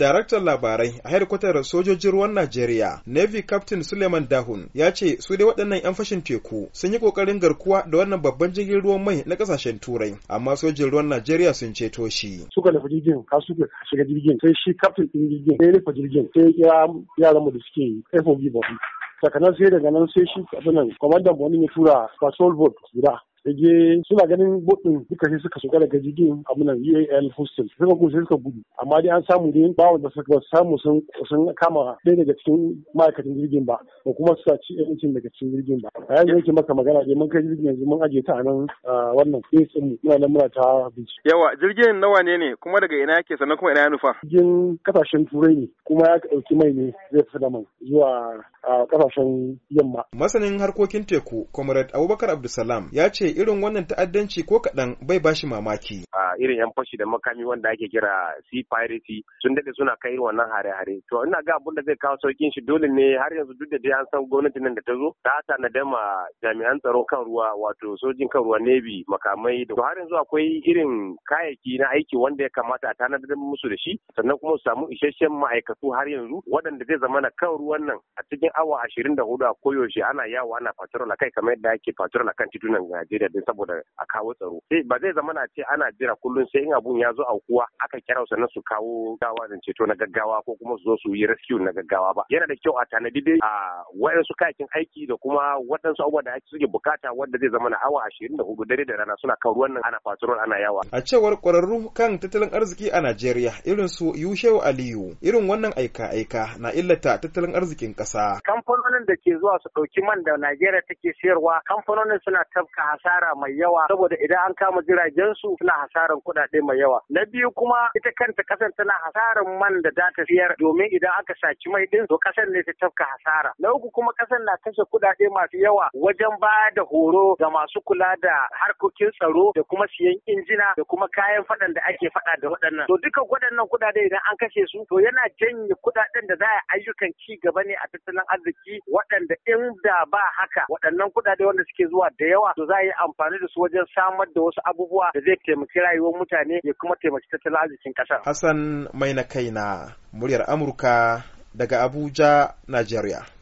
Daraktan labarai a hedkwatar sojojin ruwan Najeriya, Navy Captain Suleiman Dahun ya ce su dai waɗannan 'yan fashin teku sun yi ƙoƙarin garkuwa da wannan babban jirgin ruwan mai na ƙasashen Turai, amma sojin ruwan Najeriya sun ceto shi. Suka nufi jirgin, ka suke shiga jirgin, sai shi captain ɗin jirgin, sai nufa jirgin, sai ya yaran mu da suke FOB ba. Sakanan sai daga nan sai shi abinan kwamandan wani ya tura patrol boat guda je suna ganin bukin duka sai suka shiga daga jirgin amunan UAL hostel suka gudu sai suka gudu amma dai an samu dai bawon da suka samu sun kama ɗaya daga cikin ma'aikatan jirgin ba da kuma suka ci yancin daga cikin jirgin ba a yanzu yake maka magana dai mun kai jirgin yanzu mun ajiye ta a nan wannan base mu muna nan muna ta bincike. yawa jirgin nawa ne ne kuma daga ina yake sannan kuma ina ya nufa. jirgin kasashen turai ne kuma ya ɗauki mai ne zai fi da man zuwa kasashen yamma. masanin harkokin teku comrade abubakar abdulsalam ya ce irin wannan ta'addanci ko kaɗan bai ba shi mamaki. A irin yan fashi da makami wanda ake kira sea piracy sun daɗe suna kai wannan hare-hare. To ina ga abin da zai kawo saukin shi dole ne har yanzu duk da dai an san gwamnati nan da ta zo ta na dama jami'an tsaron kan ruwa wato sojin kan ruwa navy makamai da har yanzu akwai irin kayayyaki na aiki wanda ya kamata a tanadar musu da shi sannan kuma su samu isasshen ma'aikatu har yanzu waɗanda zai zama na kan ruwan nan a cikin awa ashirin da hudu a koyaushe ana yawo ana fatura kai kamar yadda ake fatura kan titunan Najeriya. Nijar saboda a kawo tsaro. Sai eh, ba zai zama na ce ana jira kullum sai in abun ya zo aukuwa aka kira na su kawo gawa da ceto na gaggawa ko kuma su zo su yi rescue na gaggawa ba. Yana da kyau a tanadi dai a waɗansu kayakin aiki da kuma waɗansu abubuwa da ake suke bukata wanda zai zama na awa ashirin da hudu dare da rana suna kawo ruwan ana fasurar ana yawa. A cewar ƙwararru kan tattalin arziki a Najeriya irin su Yushewu Aliyu irin wannan aika-aika na illata tattalin arzikin kasa Kamfanonin da ke zuwa su ɗauki man da Najeriya take sayarwa kamfanonin suna tafka hasa hasara mai yawa saboda idan an kama jiragen su suna hasaran kuɗaɗe mai yawa na biyu kuma ita kanta ƙasar tana hasaran man da za ta siyar domin idan aka saci mai din to ƙasar ne ta tafka hasara na uku kuma ƙasar na kashe kuɗaɗe masu yawa wajen ba da horo ga masu kula da harkokin tsaro da kuma siyan injina da kuma kayan faɗan da ake faɗa da waɗannan to duka waɗannan kuɗaɗe idan an kashe su to yana janye kuɗaɗen da za a ayyukan ci gaba ne a tattalin arziki waɗanda in da ba haka waɗannan kuɗaɗe wanda suke zuwa da yawa to za a yi amfani da su wajen samar da wasu abubuwa da zai taimaki rayuwar mutane ya kuma taimaki tattalin arzikin ƙasar. Hassan mai na kaina muryar Amurka daga Abuja, Najeriya.